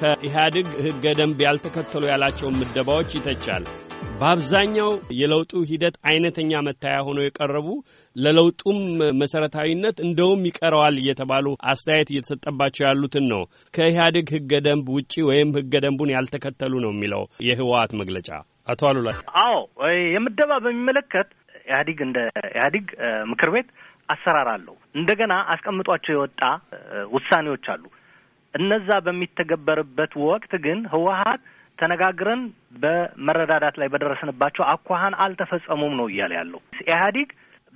ከኢህአዴግ ህገ ደንብ ያልተከተሉ ያላቸውን ምደባዎች ይተቻል። በአብዛኛው የለውጡ ሂደት አይነተኛ መታያ ሆኖ የቀረቡ ለለውጡም መሰረታዊነት እንደውም ይቀረዋል እየተባሉ አስተያየት እየተሰጠባቸው ያሉትን ነው። ከኢህአዴግ ህገ ደንብ ውጪ ወይም ህገ ደንቡን ያልተከተሉ ነው የሚለው የህወሓት መግለጫ። አቶ አሉላ፣ አዎ የምደባ በሚመለከት ኢህአዲግ እንደ ኢህአዲግ ምክር ቤት አሰራር አለው። እንደገና አስቀምጧቸው የወጣ ውሳኔዎች አሉ። እነዛ በሚተገበርበት ወቅት ግን ህወሀት ተነጋግረን በመረዳዳት ላይ በደረስንባቸው አኳሀን አልተፈጸሙም ነው እያለ ያለው ኢህአዴግ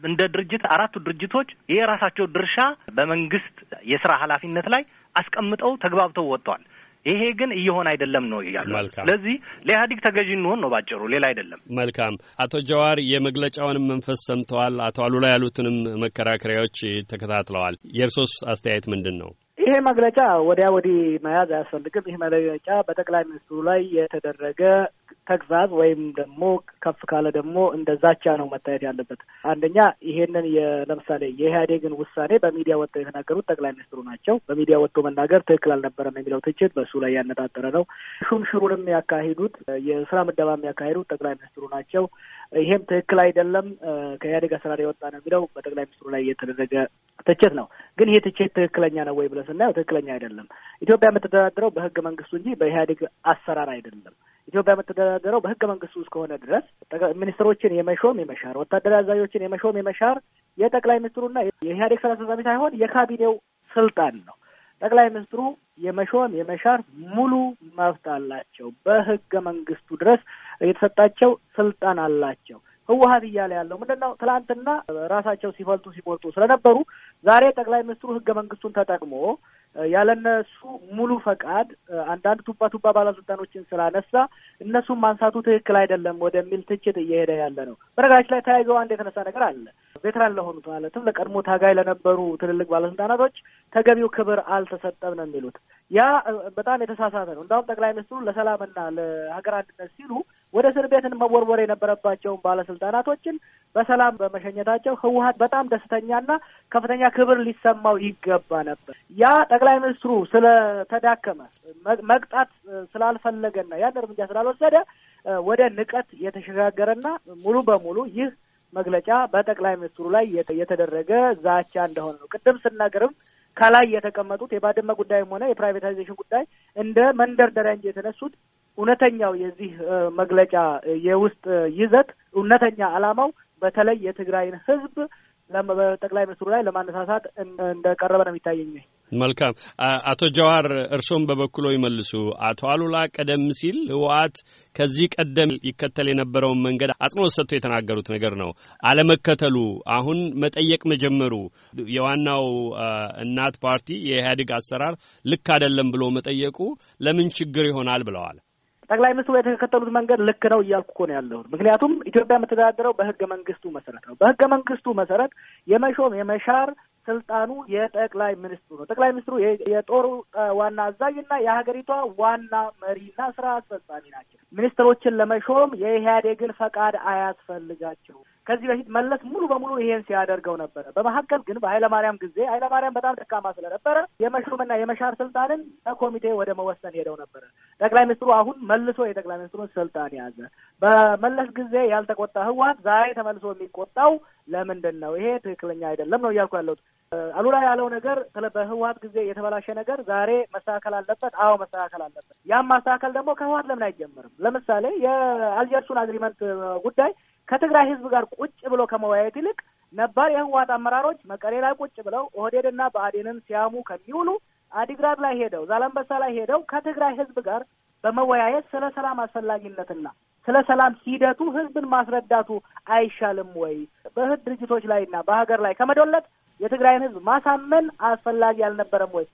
እንደ ድርጅት አራቱ ድርጅቶች የራሳቸው ድርሻ በመንግስት የስራ ኃላፊነት ላይ አስቀምጠው ተግባብተው ወጥተዋል። ይሄ ግን እየሆነ አይደለም ነው እያሉ። ስለዚህ ለኢህአዲግ ተገዥ እንሆን ነው ባጭሩ፣ ሌላ አይደለም። መልካም አቶ ጀዋር የመግለጫውንም መንፈስ ሰምተዋል። አቶ አሉላ ያሉትንም መከራከሪያዎች ተከታትለዋል። የእርሶስ አስተያየት ምንድን ነው? ይሄ መግለጫ ወዲያ ወዲህ መያዝ አያስፈልግም። ይህ መግለጫ በጠቅላይ ሚኒስትሩ ላይ የተደረገ ተግዛዝ ወይም ደግሞ ከፍ ካለ ደግሞ እንደ ዛቻ ነው መታየት ያለበት። አንደኛ ይሄንን ለምሳሌ የኢህአዴግን ውሳኔ በሚዲያ ወጥተው የተናገሩት ጠቅላይ ሚኒስትሩ ናቸው። በሚዲያ ወጥቶ መናገር ትክክል አልነበረም የሚለው ትችት በእሱ ላይ ያነጣጠረ ነው። ሹም ሽሩንም ያካሂዱት የስራ ምደባ የሚያካሂዱት ጠቅላይ ሚኒስትሩ ናቸው። ይሄም ትክክል አይደለም፣ ከኢህአዴግ አሰራር የወጣ ነው የሚለው በጠቅላይ ሚኒስትሩ ላይ የተደረገ ትችት ነው። ግን ይሄ ትችት ትክክለኛ ነው ወይ ብለን ስናየው ትክክለኛ አይደለም። ኢትዮጵያ የምትተዳደረው በህገ መንግስቱ እንጂ በኢህአዴግ አሰራር አይደለም። ኢትዮጵያ የምትተዳደረው በህገ መንግስቱ እስከሆነ ድረስ ሚኒስትሮችን የመሾም የመሻር ወታደራዊ አዛዦችን የመሾም የመሻር የጠቅላይ ሚኒስትሩና የኢህአዴግ ስራ አስፈጻሚ ሳይሆን የካቢኔው ስልጣን ነው። ጠቅላይ ሚኒስትሩ የመሾም የመሻር ሙሉ መብት አላቸው። በህገ መንግስቱ ድረስ የተሰጣቸው ስልጣን አላቸው። ህወሀት እያለ ያለው ምንድን ነው? ትናንትና ራሳቸው ሲፈልጡ ሲሞልጡ ስለነበሩ ዛሬ ጠቅላይ ሚኒስትሩ ህገ መንግስቱን ተጠቅሞ ያለነሱ ሙሉ ፈቃድ አንዳንድ ቱባ ቱባ ባለስልጣኖችን ስላነሳ እነሱም ማንሳቱ ትክክል አይደለም ወደሚል ትችት እየሄደ ያለ ነው። በነገራችን ላይ ተያይዘው አንድ የተነሳ ነገር አለ። ቬትራን ለሆኑት ማለትም ለቀድሞ ታጋይ ለነበሩ ትልልቅ ባለስልጣናቶች ተገቢው ክብር አልተሰጠም ነው የሚሉት። ያ በጣም የተሳሳተ ነው። እንዳሁም ጠቅላይ ሚኒስትሩ ለሰላምና ለሀገር አንድነት ሲሉ ወደ እስር ቤትን መወርወር የነበረባቸውን ባለስልጣናቶችን በሰላም በመሸኘታቸው ህወሀት በጣም ደስተኛና ከፍተኛ ክብር ሊሰማው ይገባ ነበር። ያ ጠቅላይ ሚኒስትሩ ስለተዳከመ መቅጣት ስላልፈለገና ያን እርምጃ ስላ። ካልወሰደ ወደ ንቀት የተሸጋገረና ሙሉ በሙሉ ይህ መግለጫ በጠቅላይ ሚኒስትሩ ላይ የተደረገ ዛቻ እንደሆነ ነው። ቅድም ስናገርም ከላይ የተቀመጡት የባድመ ጉዳይም ሆነ የፕራይቬታይዜሽን ጉዳይ እንደ መንደርደሪያ እንጂ የተነሱት እውነተኛው የዚህ መግለጫ የውስጥ ይዘት እውነተኛ ዓላማው በተለይ የትግራይን ሕዝብ ጠቅላይ ሚኒስትሩ ላይ ለማነሳሳት እንደቀረበ ነው የሚታየኝ። መልካም አቶ ጀዋር እርሶም በበኩሎ ይመልሱ። አቶ አሉላ ቀደም ሲል ህወሓት ከዚህ ቀደም ይከተል የነበረውን መንገድ አጽንኦት ሰጥቶ የተናገሩት ነገር ነው። አለመከተሉ፣ አሁን መጠየቅ መጀመሩ የዋናው እናት ፓርቲ የኢህአዴግ አሰራር ልክ አይደለም ብሎ መጠየቁ ለምን ችግር ይሆናል ብለዋል። ጠቅላይ ሚኒስትሩ የተከተሉት መንገድ ልክ ነው እያልኩ እኮ ነው ያለሁት። ምክንያቱም ኢትዮጵያ የምትተዳደረው በህገ መንግስቱ መሰረት ነው። በህገ መንግስቱ መሰረት የመሾም የመሻር ስልጣኑ የጠቅላይ ሚኒስትሩ ነው። ጠቅላይ ሚኒስትሩ የጦሩ ዋና አዛዥና የሀገሪቷ ዋና መሪና ስራ አስፈጻሚ ናቸው። ሚኒስትሮችን ለመሾም የኢህአዴግን ፈቃድ አያስፈልጋቸውም። ከዚህ በፊት መለስ ሙሉ በሙሉ ይሄን ሲያደርገው ነበረ። በመካከል ግን በኃይለማርያም ጊዜ ኃይለማርያም በጣም ደካማ ስለነበረ የመሾምና የመሻር ስልጣንን ኮሚቴ ወደ መወሰን ሄደው ነበረ። ጠቅላይ ሚኒስትሩ አሁን መልሶ የጠቅላይ ሚኒስትሩን ስልጣን ያዘ። በመለስ ጊዜ ያልተቆጣ ህዋት ዛሬ ተመልሶ የሚቆጣው ለምንድን ነው ይሄ ትክክለኛ አይደለም ነው እያልኩ ያለሁት። አሉላ ያለው ነገር በህወሀት ጊዜ የተበላሸ ነገር ዛሬ መስተካከል አለበት። አዎ መስተካከል አለበት። ያም ማስተካከል ደግሞ ከህወሀት ለምን አይጀምርም? ለምሳሌ የአልጀርሱን አግሪመንት ጉዳይ ከትግራይ ህዝብ ጋር ቁጭ ብሎ ከመወያየት ይልቅ ነባር የህወሀት አመራሮች መቀሌ ላይ ቁጭ ብለው ኦህዴድና ብአዴንን ሲያሙ ከሚውሉ አዲግራድ ላይ ሄደው ዛላንበሳ ላይ ሄደው ከትግራይ ህዝብ ጋር በመወያየት ስለ ሰላም አስፈላጊነትና ስለ ሰላም ሂደቱ ህዝብን ማስረዳቱ አይሻልም ወይ? በህግ ድርጅቶች ላይና በሀገር ላይ ከመዶለት የትግራይን ህዝብ ማሳመን አስፈላጊ አልነበረም ወይ?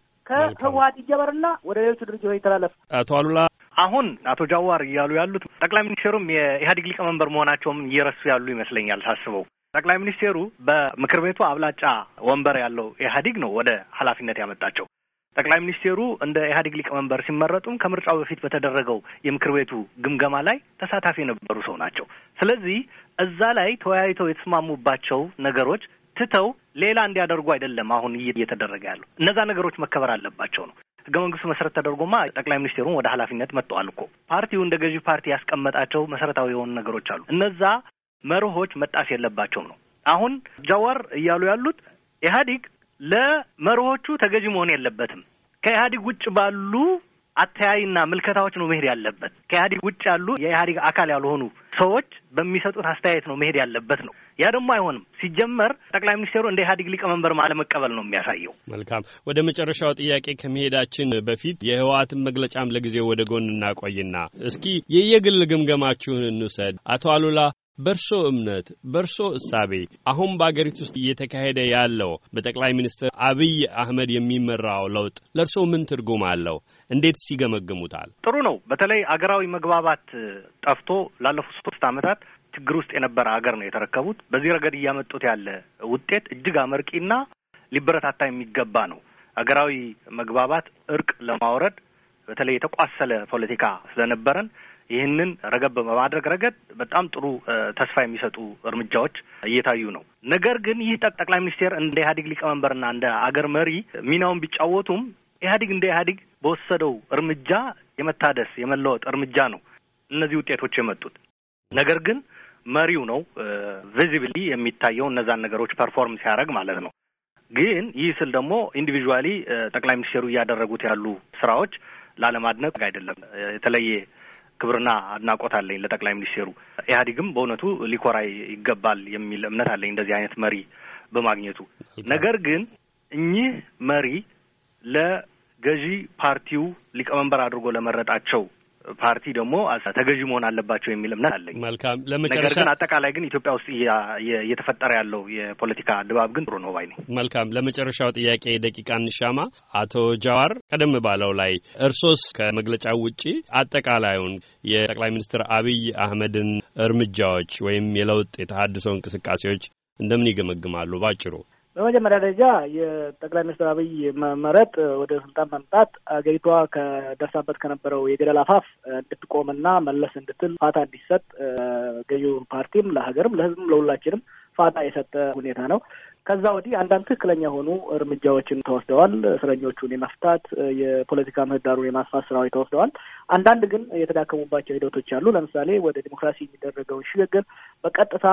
ከህወሀት ይጀበርና ወደ ሌሎቹ ድርጅቶች ይተላለፍ። አቶ አሉላ አሁን አቶ ጃዋር እያሉ ያሉት ጠቅላይ ሚኒስቴሩም የኢህአዴግ ሊቀመንበር መሆናቸውም እየረሱ ያሉ ይመስለኛል ሳስበው። ጠቅላይ ሚኒስቴሩ በምክር ቤቱ አብላጫ ወንበር ያለው ኢህአዲግ ነው ወደ ኃላፊነት ያመጣቸው። ጠቅላይ ሚኒስቴሩ እንደ ኢህአዴግ ሊቀመንበር ሲመረጡም ከምርጫው በፊት በተደረገው የምክር ቤቱ ግምገማ ላይ ተሳታፊ የነበሩ ሰው ናቸው። ስለዚህ እዛ ላይ ተወያይተው የተስማሙባቸው ነገሮች ትተው ሌላ እንዲያደርጉ አይደለም አሁን እየተደረገ ያለው። እነዛ ነገሮች መከበር አለባቸው ነው። ህገ መንግስቱ መሰረት ተደርጎማ ጠቅላይ ሚኒስቴሩን ወደ ኃላፊነት መጥተዋል እኮ። ፓርቲው እንደ ገዢ ፓርቲ ያስቀመጣቸው መሰረታዊ የሆኑ ነገሮች አሉ። እነዛ መርሆች መጣስ የለባቸውም ነው። አሁን ጃዋር እያሉ ያሉት ኢህአዲግ ለመርሆቹ ተገዥ መሆን የለበትም። ከኢህአዴግ ውጭ ባሉ አተያይና ምልከታዎች ነው መሄድ ያለበት። ከኢህአዴግ ውጭ ያሉ የኢህአዴግ አካል ያልሆኑ ሰዎች በሚሰጡት አስተያየት ነው መሄድ ያለበት ነው። ያ ደግሞ አይሆንም። ሲጀመር ጠቅላይ ሚኒስትሩ እንደ ኢህአዴግ ሊቀመንበር አለመቀበል ነው የሚያሳየው። መልካም። ወደ መጨረሻው ጥያቄ ከመሄዳችን በፊት የህወሓትን መግለጫም ለጊዜው ወደ ጎን እናቆይና እስኪ የየግል ግምገማችሁን እንውሰድ። አቶ አሉላ በእርሶ እምነት በእርሶ እሳቤ አሁን በአገሪቱ ውስጥ እየተካሄደ ያለው በጠቅላይ ሚኒስትር አብይ አህመድ የሚመራው ለውጥ ለእርሶ ምን ትርጉም አለው? እንዴትስ ይገመግሙታል? ጥሩ ነው። በተለይ አገራዊ መግባባት ጠፍቶ ላለፉት ሶስት ዓመታት ችግር ውስጥ የነበረ አገር ነው የተረከቡት። በዚህ ረገድ እያመጡት ያለ ውጤት እጅግ አመርቂና ሊበረታታ የሚገባ ነው። አገራዊ መግባባት እርቅ ለማውረድ በተለይ የተቋሰለ ፖለቲካ ስለነበረን ይህንን ረገብ በማድረግ ረገድ በጣም ጥሩ ተስፋ የሚሰጡ እርምጃዎች እየታዩ ነው። ነገር ግን ይህ ጠቅላይ ሚኒስቴር እንደ ኢህአዴግ ሊቀመንበርና እንደ አገር መሪ ሚናውን ቢጫወቱም ኢህአዴግ እንደ ኢህአዴግ በወሰደው እርምጃ የመታደስ የመለወጥ እርምጃ ነው እነዚህ ውጤቶች የመጡት። ነገር ግን መሪው ነው ቪዚብሊ የሚታየው እነዛን ነገሮች ፐርፎርም ሲያደርግ ማለት ነው። ግን ይህ ስል ደግሞ ኢንዲቪዥዋሊ ጠቅላይ ሚኒስቴሩ እያደረጉት ያሉ ስራዎች ላለማድነቅ አይደለም። የተለየ ክብርና አድናቆት አለኝ ለጠቅላይ ሚኒስቴሩ። ኢህአዴግም በእውነቱ ሊኮራ ይገባል የሚል እምነት አለኝ እንደዚህ አይነት መሪ በማግኘቱ። ነገር ግን እኚህ መሪ ለገዢ ፓርቲው ሊቀመንበር አድርጎ ለመረጣቸው ፓርቲ ደግሞ ተገዥ መሆን አለባቸው የሚል እምነት አለኝ። መልካም ለመጨረሻ ነገር ግን አጠቃላይ ግን ኢትዮጵያ ውስጥ እየተፈጠረ ያለው የፖለቲካ ድባብ ግን ጥሩ ነው ባይ ነኝ። መልካም ለመጨረሻው ጥያቄ ደቂቃ እንሻማ። አቶ ጃዋር ቀደም ባለው ላይ እርሶስ ከመግለጫው ውጪ አጠቃላዩን የጠቅላይ ሚኒስትር አብይ አህመድን እርምጃዎች ወይም የለውጥ የተሀድሶ እንቅስቃሴዎች እንደምን ይገመግማሉ? ባጭሩ በመጀመሪያ ደረጃ የጠቅላይ ሚኒስትር አብይ መመረጥ ወደ ስልጣን መምጣት አገሪቷ ከደርሳበት ከነበረው የገደል አፋፍ እንድትቆምና መለስ እንድትል ፋታ እንዲሰጥ ገዢው ፓርቲም ለሀገርም ለህዝብም ለሁላችንም ፋታ የሰጠ ሁኔታ ነው። ከዛ ወዲህ አንዳንድ ትክክለኛ የሆኑ እርምጃዎችን ተወስደዋል። እስረኞቹን የመፍታት የፖለቲካ ምህዳሩን የማስፋት ስራዎች ተወስደዋል። አንዳንድ ግን የተዳከሙባቸው ሂደቶች አሉ። ለምሳሌ ወደ ዲሞክራሲ የሚደረገውን ሽግግር በቀጥታ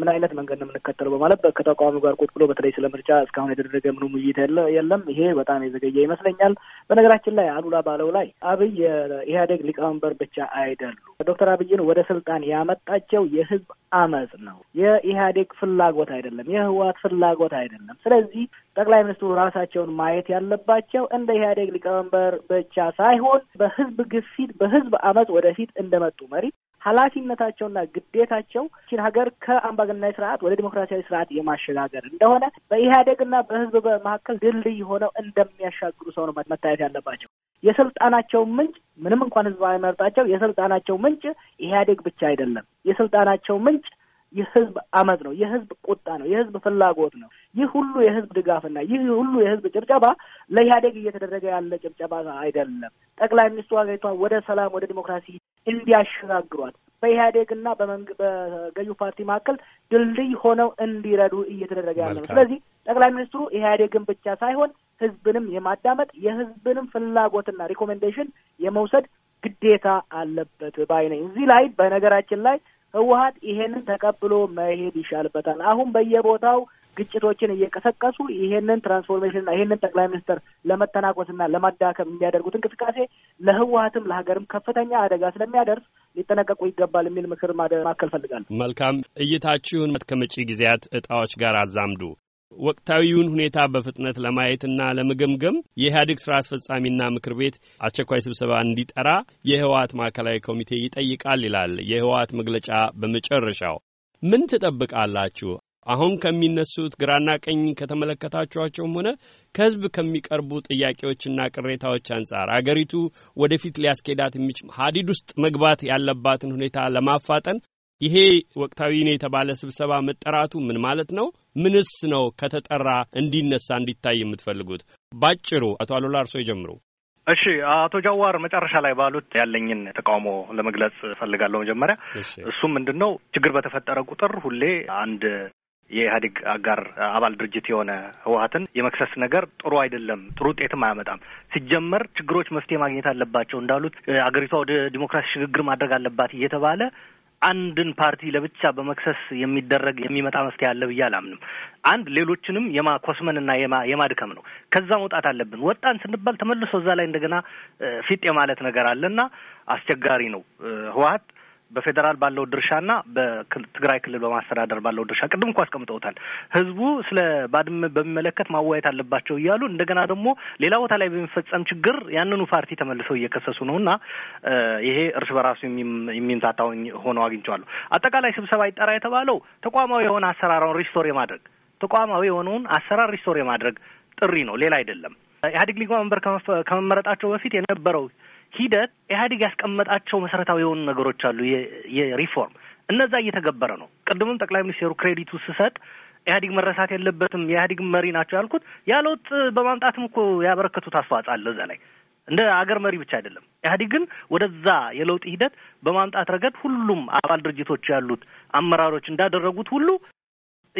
ምን አይነት መንገድ ነው የምንከተለው በማለት ከተቃዋሚ ጋር ቁጭ ብሎ በተለይ ስለ ምርጫ እስካሁን የተደረገ ምንም ውይይት የለም። ይሄ በጣም የዘገየ ይመስለኛል። በነገራችን ላይ አሉላ ባለው ላይ አብይ የኢህአዴግ ሊቀመንበር ብቻ አይደሉም። ዶክተር አብይን ወደ ስልጣን ያመጣቸው የህዝብ አመፅ ነው። የኢህአዴግ ፍላጎት አይደለም፣ የህወሓት ፍላ ፍላጎት አይደለም። ስለዚህ ጠቅላይ ሚኒስትሩ ራሳቸውን ማየት ያለባቸው እንደ ኢህአዴግ ሊቀመንበር ብቻ ሳይሆን በህዝብ ግፊት፣ በህዝብ አመፅ ወደፊት እንደመጡ መሪ ኃላፊነታቸውና ግዴታቸው ይህችን ሀገር ከአምባገነናዊ ስርዓት ወደ ዲሞክራሲያዊ ስርዓት የማሸጋገር እንደሆነ በኢህአዴግና በህዝብ መካከል ድልድይ ሆነው እንደሚያሻግሩ ሰው ነው መታየት ያለባቸው። የስልጣናቸው ምንጭ ምንም እንኳን ህዝብ አይመርጣቸው፣ የስልጣናቸው ምንጭ ኢህአዴግ ብቻ አይደለም። የስልጣናቸው ምንጭ የህዝብ አመፅ ነው፣ የህዝብ ቁጣ ነው፣ የህዝብ ፍላጎት ነው። ይህ ሁሉ የህዝብ ድጋፍና ይህ ሁሉ የህዝብ ጭብጨባ ለኢህአዴግ እየተደረገ ያለ ጭብጨባ አይደለም። ጠቅላይ ሚኒስትሩ ሀገሪቷን ወደ ሰላም፣ ወደ ዲሞክራሲ እንዲያሸጋግሯት በኢህአዴግና በገዢው ፓርቲ መካከል ድልድይ ሆነው እንዲረዱ እየተደረገ ያለ ነው። ስለዚህ ጠቅላይ ሚኒስትሩ ኢህአዴግን ብቻ ሳይሆን ህዝብንም የማዳመጥ የህዝብንም ፍላጎትና ሪኮሜንዴሽን የመውሰድ ግዴታ አለበት ባይ ነኝ። እዚህ ላይ በነገራችን ላይ ህወሀት ይሄንን ተቀብሎ መሄድ ይሻልበታል። አሁን በየቦታው ግጭቶችን እየቀሰቀሱ ይሄንን ትራንስፎርሜሽንና ይሄንን ጠቅላይ ሚኒስትር ለመተናኮስና ለማዳከም የሚያደርጉት እንቅስቃሴ ለህወሀትም ለሀገርም ከፍተኛ አደጋ ስለሚያደርስ ሊጠነቀቁ ይገባል የሚል ምክር ማከል ፈልጋለሁ። መልካም እይታችሁን ከመጪ ጊዜያት እጣዎች ጋር አዛምዱ። ወቅታዊውን ሁኔታ በፍጥነት ለማየትና ለመገምገም የኢህአዴግ ስራ አስፈጻሚና ምክር ቤት አስቸኳይ ስብሰባ እንዲጠራ የህወሓት ማዕከላዊ ኮሚቴ ይጠይቃል ይላል የህወሓት መግለጫ በመጨረሻው። ምን ትጠብቃላችሁ? አሁን ከሚነሱት ግራና ቀኝ ከተመለከታችኋቸውም ሆነ ከህዝብ ከሚቀርቡ ጥያቄዎችና ቅሬታዎች አንጻር አገሪቱ ወደፊት ሊያስኬዳት የሚች ሀዲድ ውስጥ መግባት ያለባትን ሁኔታ ለማፋጠን ይሄ ወቅታዊ ነው የተባለ ስብሰባ መጠራቱ ምን ማለት ነው? ምንስ ነው ከተጠራ እንዲነሳ እንዲታይ የምትፈልጉት? ባጭሩ አቶ አሉላ እርሶ ይጀምሩ። እሺ አቶ ጃዋር መጨረሻ ላይ ባሉት ያለኝን ተቃውሞ ለመግለጽ እፈልጋለሁ። መጀመሪያ እሱም ምንድን ነው ችግር በተፈጠረ ቁጥር ሁሌ አንድ የኢህአዴግ አጋር አባል ድርጅት የሆነ ህወሀትን የመክሰስ ነገር ጥሩ አይደለም፣ ጥሩ ውጤትም አያመጣም። ሲጀመር ችግሮች መፍትሄ ማግኘት አለባቸው እንዳሉት አገሪቷ ወደ ዲሞክራሲ ሽግግር ማድረግ አለባት እየተባለ አንድን ፓርቲ ለብቻ በመክሰስ የሚደረግ የሚመጣ መፍትሄ አለ ብዬ አላምንም። አንድ ሌሎችንም የማኮስመንና የማድከም ነው። ከዛ መውጣት አለብን። ወጣን ስንባል ተመልሶ እዛ ላይ እንደገና ፊጥ የማለት ነገር አለና አስቸጋሪ ነው። ህወሀት በፌዴራል ባለው ድርሻና በትግራይ ክልል በማስተዳደር ባለው ድርሻ ቅድም እኮ አስቀምጠውታል። ህዝቡ ስለ ባድመ በሚመለከት ማዋየት አለባቸው እያሉ እንደገና ደግሞ ሌላ ቦታ ላይ በሚፈጸም ችግር ያንኑ ፓርቲ ተመልሰው እየከሰሱ ነው እና ይሄ እርስ በራሱ የሚንታታውኝ ሆነው አግኝቸዋሉ። አጠቃላይ ስብሰባ ይጠራ የተባለው ተቋማዊ የሆነ አሰራራውን ሪስቶር የማድረግ ተቋማዊ የሆነውን አሰራር ሪስቶር የማድረግ ጥሪ ነው፣ ሌላ አይደለም። ኢህአዴግ ሊቀመንበር ከመመረጣቸው በፊት የነበረው ሂደት ኢህአዴግ ያስቀመጣቸው መሰረታዊ የሆኑ ነገሮች አሉ። የሪፎርም እነዛ እየተገበረ ነው። ቅድምም ጠቅላይ ሚኒስትሩ ክሬዲቱ ስሰጥ ኢህአዴግ መረሳት የለበትም የኢህአዴግ መሪ ናቸው ያልኩት ያለውጥ በማምጣትም እኮ ያበረከቱት አስተዋጽኦ አለ እዛ ላይ እንደ አገር መሪ ብቻ አይደለም። ኢህአዴግ ግን ወደዛ የለውጥ ሂደት በማምጣት ረገድ ሁሉም አባል ድርጅቶች ያሉት አመራሮች እንዳደረጉት ሁሉ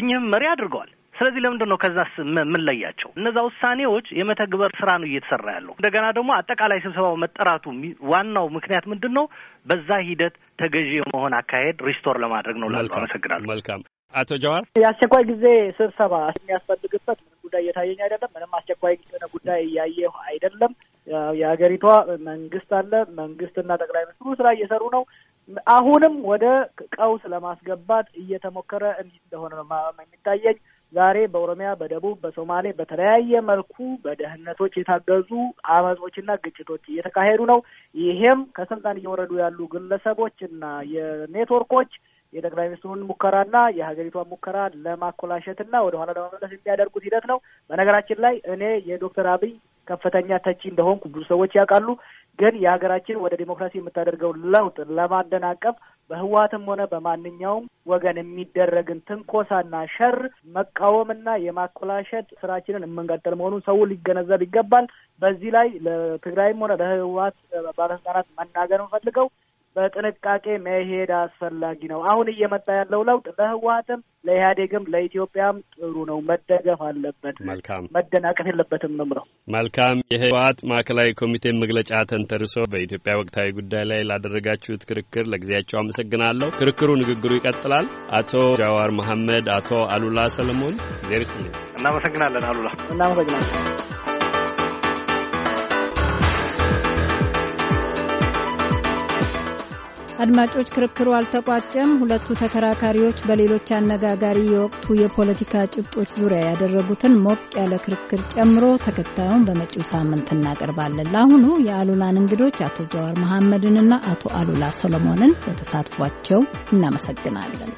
እኚህም መሪ አድርገዋል። ስለዚህ ለምንድን ነው ከዛ የምንለያቸው? እነዛ ውሳኔዎች የመተግበር ስራ ነው እየተሰራ ያለው። እንደገና ደግሞ አጠቃላይ ስብሰባው መጠራቱ ዋናው ምክንያት ምንድን ነው? በዛ ሂደት ተገዢ የመሆን አካሄድ ሪስቶር ለማድረግ ነው ላሉ አመሰግናለሁ። መልካም አቶ ጀዋር የአስቸኳይ ጊዜ ስብሰባ የሚያስፈልግበት ምንም ጉዳይ እየታየኝ አይደለም። ምንም አስቸኳይ የሆነ ጉዳይ እያየሁ አይደለም። የሀገሪቷ መንግስት አለ። መንግስትና ጠቅላይ ሚኒስትሩ ስራ እየሰሩ ነው። አሁንም ወደ ቀውስ ለማስገባት እየተሞከረ እንደሆነ ነው የሚታየኝ። ዛሬ በኦሮሚያ፣ በደቡብ፣ በሶማሌ በተለያየ መልኩ በደህንነቶች የታገዙ አመጾችና ግጭቶች እየተካሄዱ ነው። ይሄም ከስልጣን እየወረዱ ያሉ ግለሰቦች እና የኔትወርኮች የጠቅላይ ሚኒስትሩን ሙከራና የሀገሪቷን ሙከራ ለማኮላሸትና ወደኋላ ለመመለስ የሚያደርጉት ሂደት ነው። በነገራችን ላይ እኔ የዶክተር አብይ ከፍተኛ ተቺ እንደሆንኩ ብዙ ሰዎች ያውቃሉ። ግን የሀገራችን ወደ ዲሞክራሲ የምታደርገው ለውጥ ለማደናቀፍ በህወሓትም ሆነ በማንኛውም ወገን የሚደረግን ትንኮሳና ሸር መቃወምና የማኮላሸት ስራችንን የምንቀጥል መሆኑን ሰው ሊገነዘብ ይገባል። በዚህ ላይ ለትግራይም ሆነ ለህወሓት ባለስልጣናት መናገር የምፈልገው በጥንቃቄ መሄድ አስፈላጊ ነው። አሁን እየመጣ ያለው ለውጥ ለህወሀትም፣ ለኢህአዴግም፣ ለኢትዮጵያም ጥሩ ነው። መደገፍ አለበት። መልካም መደናቀፍ የለበትም ነው። መልካም የህወሀት ማዕከላዊ ኮሚቴ መግለጫ ተንተርሶ በኢትዮጵያ ወቅታዊ ጉዳይ ላይ ላደረጋችሁት ክርክር ለጊዜያቸው አመሰግናለሁ። ክርክሩ ንግግሩ ይቀጥላል። አቶ ጃዋር መሐመድ፣ አቶ አሉላ ሰለሞን ዜርስ እናመሰግናለን። አሉላ እናመሰግናለን። አድማጮች ክርክሩ አልተቋጨም። ሁለቱ ተከራካሪዎች በሌሎች አነጋጋሪ የወቅቱ የፖለቲካ ጭብጦች ዙሪያ ያደረጉትን ሞቅ ያለ ክርክር ጨምሮ ተከታዩን በመጪው ሳምንት እናቀርባለን። ለአሁኑ የአሉላን እንግዶች አቶ ጀዋር መሐመድንና አቶ አሉላ ሰሎሞንን ለተሳትፏቸው እናመሰግናለን።